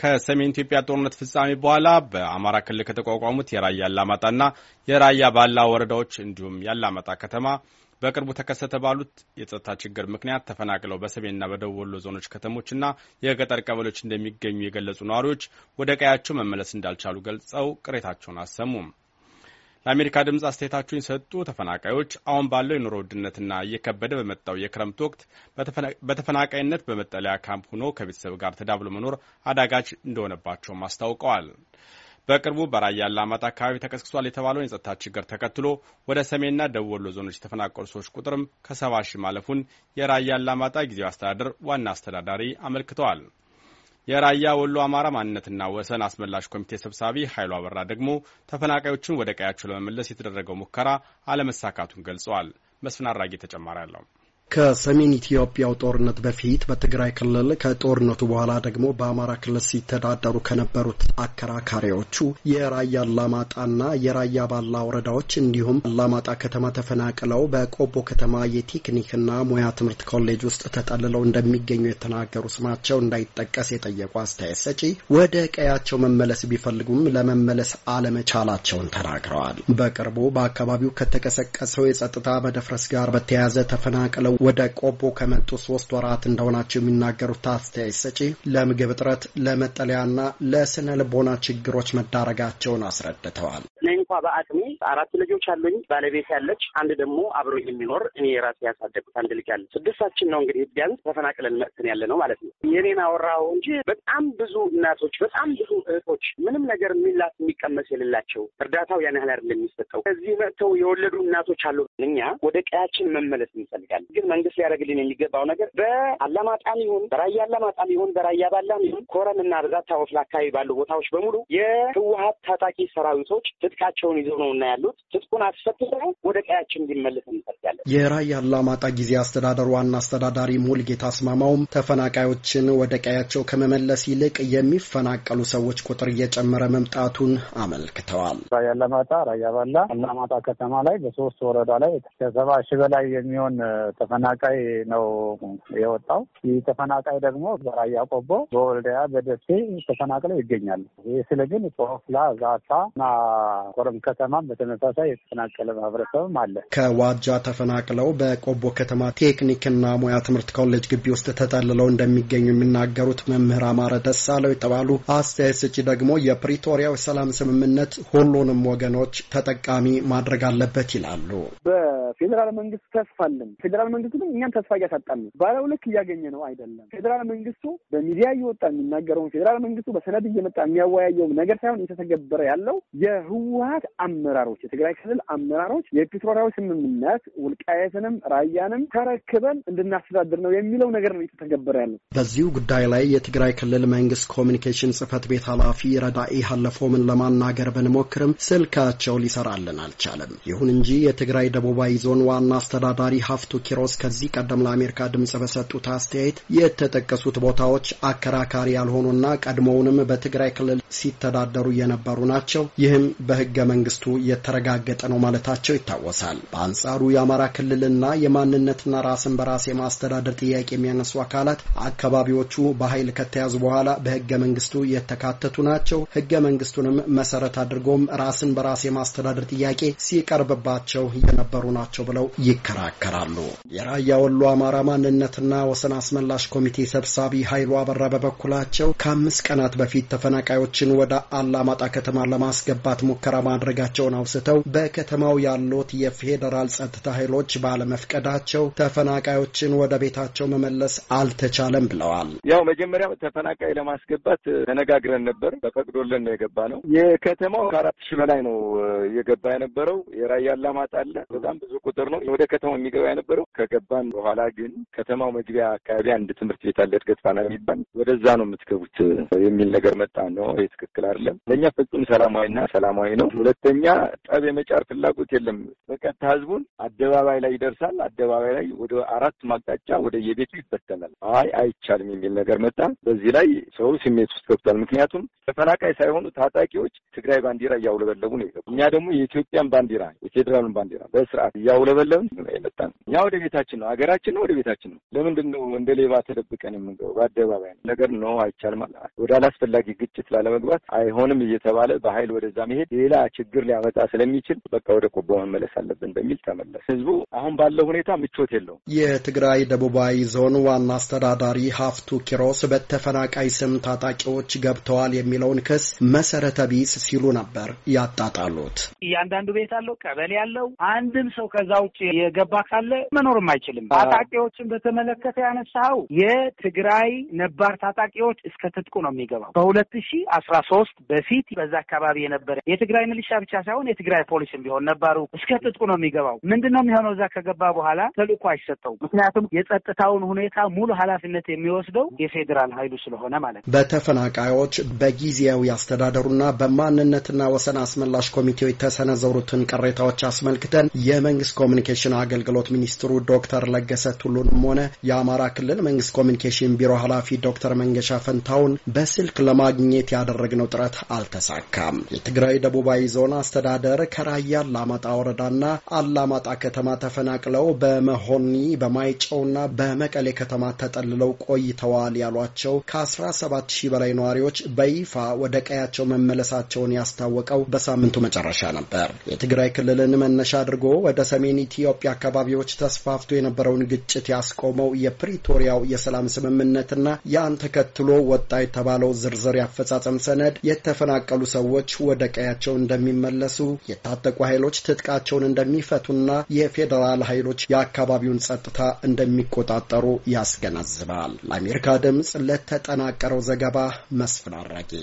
ከሰሜን ኢትዮጵያ ጦርነት ፍጻሜ በኋላ በአማራ ክልል ከተቋቋሙት የራያ አላማጣና የራያ ባላ ወረዳዎች እንዲሁም የአላማጣ ከተማ በቅርቡ ተከሰተ ባሉት የጸጥታ ችግር ምክንያት ተፈናቅለው በሰሜንና በደቡብ ወሎ ዞኖች ከተሞችና የገጠር ቀበሌዎች እንደሚገኙ የገለጹ ነዋሪዎች ወደ ቀያቸው መመለስ እንዳልቻሉ ገልጸው ቅሬታቸውን አሰሙም። ለአሜሪካ ድምፅ አስተያየታቸውን የሰጡ ተፈናቃዮች አሁን ባለው የኑሮ ውድነትና እየከበደ በመጣው የክረምት ወቅት በተፈናቃይነት በመጠለያ ካምፕ ሆኖ ከቤተሰብ ጋር ተዳብሎ መኖር አዳጋች እንደሆነባቸውም አስታውቀዋል። በቅርቡ በራያ አላማጣ አካባቢ ተቀስቅሷል የተባለውን የጸጥታ ችግር ተከትሎ ወደ ሰሜንና ደቡብ ወሎ ዞኖች የተፈናቀሉ ሰዎች ቁጥርም ከሰባ ሺህ ማለፉን የራያ አላማጣ ጊዜያዊ አስተዳደር ዋና አስተዳዳሪ አመልክተዋል። የራያ ወሎ አማራ ማንነትና ወሰን አስመላሽ ኮሚቴ ሰብሳቢ ኃይሉ አበራ ደግሞ ተፈናቃዮቹን ወደ ቀያቸው ለመመለስ የተደረገው ሙከራ አለመሳካቱን ገልጸዋል። መስፍን አራጌ ተጨማሪ አለው። ከሰሜን ኢትዮጵያው ጦርነት በፊት በትግራይ ክልል ከጦርነቱ በኋላ ደግሞ በአማራ ክልል ሲተዳደሩ ከነበሩት አከራካሪዎቹ የራያ አላማጣና የራያ ባላ ወረዳዎች እንዲሁም አላማጣ ከተማ ተፈናቅለው በቆቦ ከተማ የቴክኒክና ሙያ ትምህርት ኮሌጅ ውስጥ ተጠልለው እንደሚገኙ የተናገሩ ስማቸው እንዳይጠቀስ የጠየቁ አስተያየት ሰጪ ወደ ቀያቸው መመለስ ቢፈልጉም ለመመለስ አለመቻላቸውን ተናግረዋል። በቅርቡ በአካባቢው ከተቀሰቀሰው የጸጥታ መደፍረስ ጋር በተያያዘ ተፈናቅለው ወደ ቆቦ ከመጡ ሶስት ወራት እንደሆናቸው የሚናገሩት አስተያየት ሰጪ ለምግብ እጥረት፣ ለመጠለያና ለስነ ልቦና ችግሮች መዳረጋቸውን አስረድተዋል። እኔ እንኳ በአቅሜ አራት ልጆች አሉኝ፣ ባለቤት ያለች፣ አንድ ደግሞ አብሮ የሚኖር እኔ የራሴ ያሳደጉት አንድ ልጅ አለ። ስድስታችን ነው እንግዲህ ቢያንስ ተፈናቅለን መጥተን ያለ ነው ማለት ነው። የኔን አወራው እንጂ በጣም ብዙ እናቶች፣ በጣም ብዙ እህቶች ምንም ነገር የሚላት የሚቀመስ የሌላቸው እርዳታው ያን ያህል አይደለም የሚሰጠው። እዚህ መጥተው የወለዱ እናቶች አሉ። እኛ ወደ ቀያችን መመለስ እንፈልጋለን ግን መንግስት ሊያደርግልን የሚገባው ነገር በአላማጣም ይሁን በራያ አላማጣም ይሁን በራያ ባላም ይሁን ኮረም እና ብዛት ወፍላ አካባቢ ባሉ ቦታዎች በሙሉ የህወሀት ታጣቂ ሰራዊቶች ትጥቃቸውን ይዘው ነው እና ያሉት ትጥቁን አስፈትተው ወደ ቀያችን እንዲመልስ እንፈልጋለን። የራያ አላማጣ ጊዜ አስተዳደር ዋና አስተዳዳሪ ሙልጌታ አስማማውም ተፈናቃዮችን ወደ ቀያቸው ከመመለስ ይልቅ የሚፈናቀሉ ሰዎች ቁጥር እየጨመረ መምጣቱን አመልክተዋል። ራያ አላማጣ፣ ራያ ባላ፣ አላማጣ ከተማ ላይ በሶስት ወረዳ ላይ ከሰባ ሺህ በላይ የሚሆን ተፈ ተፈናቃይ ነው የወጣው። ይህ ተፈናቃይ ደግሞ በራያ ቆቦ፣ በወልዲያ፣ በደሴ ተፈናቅለው ይገኛሉ። ይህ ስለ ግን ጦፍላ፣ ዛታ እና ቆረም ከተማም በተመሳሳይ የተፈናቀለ ማህበረሰብም አለ። ከዋጃ ተፈናቅለው በቆቦ ከተማ ቴክኒክና ሙያ ትምህርት ኮሌጅ ግቢ ውስጥ ተጠልለው እንደሚገኙ የሚናገሩት መምህር አማረ ደሳለው የተባሉ አስተያየት ሰጪ ደግሞ የፕሪቶሪያው የሰላም ስምምነት ሁሉንም ወገኖች ተጠቃሚ ማድረግ አለበት ይላሉ። ፌዴራል መንግስት ተስፋ አለን። ፌዴራል መንግስቱ ግን እኛን ተስፋ እያሳጣን ነው። ባለው ልክ እያገኘ ነው አይደለም። ፌዴራል መንግስቱ በሚዲያ እየወጣ የሚናገረውን ፌዴራል መንግስቱ በሰነድ እየመጣ የሚያወያየውም ነገር ሳይሆን እየተተገበረ ያለው የህወሀት አመራሮች፣ የትግራይ ክልል አመራሮች የፕሪቶሪያዊ ስምምነት ውልቃየትንም ራያንም ተረክበን እንድናስተዳድር ነው የሚለው ነገር ነው እየተተገበረ ያለው። በዚሁ ጉዳይ ላይ የትግራይ ክልል መንግስት ኮሚኒኬሽን ጽህፈት ቤት ኃላፊ ረዳኢ ሀለፎምን ለማናገር ብንሞክርም ስልካቸው ሊሰራልን አልቻለም። ይሁን እንጂ የትግራይ ደቡባዊ ዞን ዋና አስተዳዳሪ ሀፍቱ ኪሮስ ከዚህ ቀደም ለአሜሪካ ድምጽ በሰጡት አስተያየት የተጠቀሱት ቦታዎች አከራካሪ ያልሆኑና ቀድሞውንም በትግራይ ክልል ሲተዳደሩ የነበሩ ናቸው፣ ይህም በህገ መንግስቱ የተረጋገጠ ነው ማለታቸው ይታወሳል። በአንጻሩ የአማራ ክልልና የማንነትና ራስን በራስ የማስተዳደር ጥያቄ የሚያነሱ አካላት አካባቢዎቹ በኃይል ከተያዙ በኋላ በህገ መንግስቱ የተካተቱ ናቸው፣ ህገ መንግስቱንም መሰረት አድርጎም ራስን በራስ የማስተዳደር ጥያቄ ሲቀርብባቸው የነበሩ ናቸው ናቸው ብለው ይከራከራሉ። የራያ ወሎ አማራ ማንነትና ወሰን አስመላሽ ኮሚቴ ሰብሳቢ ኃይሉ አበራ በበኩላቸው ከአምስት ቀናት በፊት ተፈናቃዮችን ወደ አላማጣ ከተማ ለማስገባት ሙከራ ማድረጋቸውን አውስተው በከተማው ያሉት የፌዴራል ጸጥታ ኃይሎች ባለመፍቀዳቸው ተፈናቃዮችን ወደ ቤታቸው መመለስ አልተቻለም ብለዋል። ያው መጀመሪያ ተፈናቃይ ለማስገባት ተነጋግረን ነበር። በፈቅዶልን ነው የገባ ነው። የከተማው ከአራት ሺህ በላይ ነው የገባ የነበረው። የራያ አላማጣ አለ። በጣም ብዙ ቁጥር ነው ወደ ከተማው የሚገባ የነበረው። ከገባን በኋላ ግን ከተማው መግቢያ አካባቢ አንድ ትምህርት ቤት አለ፣ እድገት ፋና የሚባል ወደዛ ነው የምትገቡት የሚል ነገር መጣ። ነው ይህ ትክክል አይደለም። ለእኛ ፍጹም ሰላማዊና ሰላማዊ ነው። ሁለተኛ ጠብ የመጫር ፍላጎት የለም። በቀጥታ ህዝቡን አደባባይ ላይ ይደርሳል። አደባባይ ላይ ወደ አራት ማቅጣጫ ወደ የቤቱ ይበተናል። አይ አይቻልም የሚል ነገር መጣ። በዚህ ላይ ሰው ስሜት ውስጥ ገብቷል። ምክንያቱም ተፈናቃይ ሳይሆኑ ታጣቂዎች ትግራይ ባንዲራ እያውለበለቡ ነው የገቡ። እኛ ደግሞ የኢትዮጵያን ባንዲራ የፌዴራሉን ባንዲራ በስርዓት እያውለበለብን ነው። እኛ ወደ ቤታችን ነው፣ ሀገራችን ነው፣ ወደ ቤታችን ነው። ለምንድን ነው እንደ ሌባ ተደብቀን የምንገቡ? በአደባባይ ነው ነገር ነው አይቻልም። ወደ አላስፈላጊ ግጭት ላለመግባት አይሆንም እየተባለ በኃይል ወደዛ መሄድ ሌላ ችግር ሊያመጣ ስለሚችል በቃ ወደ ቆቦ መመለስ አለብን በሚል ተመለስ። ህዝቡ አሁን ባለው ሁኔታ ምቾት የለውም። የትግራይ ደቡባዊ ዞን ዋና አስተዳዳሪ ሀፍቱ ኪሮስ በተፈናቃይ ስም ታጣቂዎች ገብተዋል የሚለውን ክስ መሰረተ ቢስ ሲሉ ነበር ያጣጣሉት። እያንዳንዱ ቤት አለው፣ ቀበሌ አለው። አንድም ሰው ከዛ ውጭ የገባ ካለ መኖርም አይችልም። ታጣቂዎችን በተመለከተ ያነሳው የትግራይ ነባር ታጣቂዎች እስከ ትጥቁ ነው የሚገባው። በሁለት ሺ አስራ ሶስት በፊት በዛ አካባቢ የነበረ የትግራይ ሚሊሻ ብቻ ሳይሆን የትግራይ ፖሊስም ቢሆን ነባሩ እስከ ትጥቁ ነው የሚገባው። ምንድን ነው የሚሆነው? እዛ ከገባ በኋላ ተልእኮ አይሰጠው። ምክንያቱም የጸጥታውን ሁኔታ ሙሉ ኃላፊነት የሚወስደው የፌዴራል ኃይሉ ስለሆነ ማለት ነው። በተፈናቃዮች በጊዜያዊ አስተዳደሩና በማንነትና ወሰን አስመላሽ ኮሚቴው የተሰነዘሩትን ቅሬታዎች አስመልክተን የመንግስት የመንግስት ኮሚኒኬሽን አገልግሎት ሚኒስትሩ ዶክተር ለገሰ ቱሉንም ሆነ የአማራ ክልል መንግስት ኮሚኒኬሽን ቢሮ ኃላፊ ዶክተር መንገሻ ፈንታውን በስልክ ለማግኘት ያደረግነው ጥረት አልተሳካም። የትግራይ ደቡባዊ ዞን አስተዳደር ከራያ አላማጣ ወረዳና አላማጣ ከተማ ተፈናቅለው በመሆኒ በማይጨውና በመቀሌ ከተማ ተጠልለው ቆይተዋል ያሏቸው ከ17 ሺህ በላይ ነዋሪዎች በይፋ ወደ ቀያቸው መመለሳቸውን ያስታወቀው በሳምንቱ መጨረሻ ነበር። የትግራይ ክልልን መነሻ አድርጎ ወደ በሰሜን ኢትዮጵያ አካባቢዎች ተስፋፍቶ የነበረውን ግጭት ያስቆመው የፕሪቶሪያው የሰላም ስምምነትና ያን ተከትሎ ወጣ የተባለው ዝርዝር ያፈጻጸም ሰነድ የተፈናቀሉ ሰዎች ወደ ቀያቸው እንደሚመለሱ፣ የታጠቁ ኃይሎች ትጥቃቸውን እንደሚፈቱና የፌዴራል ኃይሎች የአካባቢውን ጸጥታ እንደሚቆጣጠሩ ያስገናዝባል። ለአሜሪካ ድምፅ ለተጠናቀረው ዘገባ መስፍን አራጌ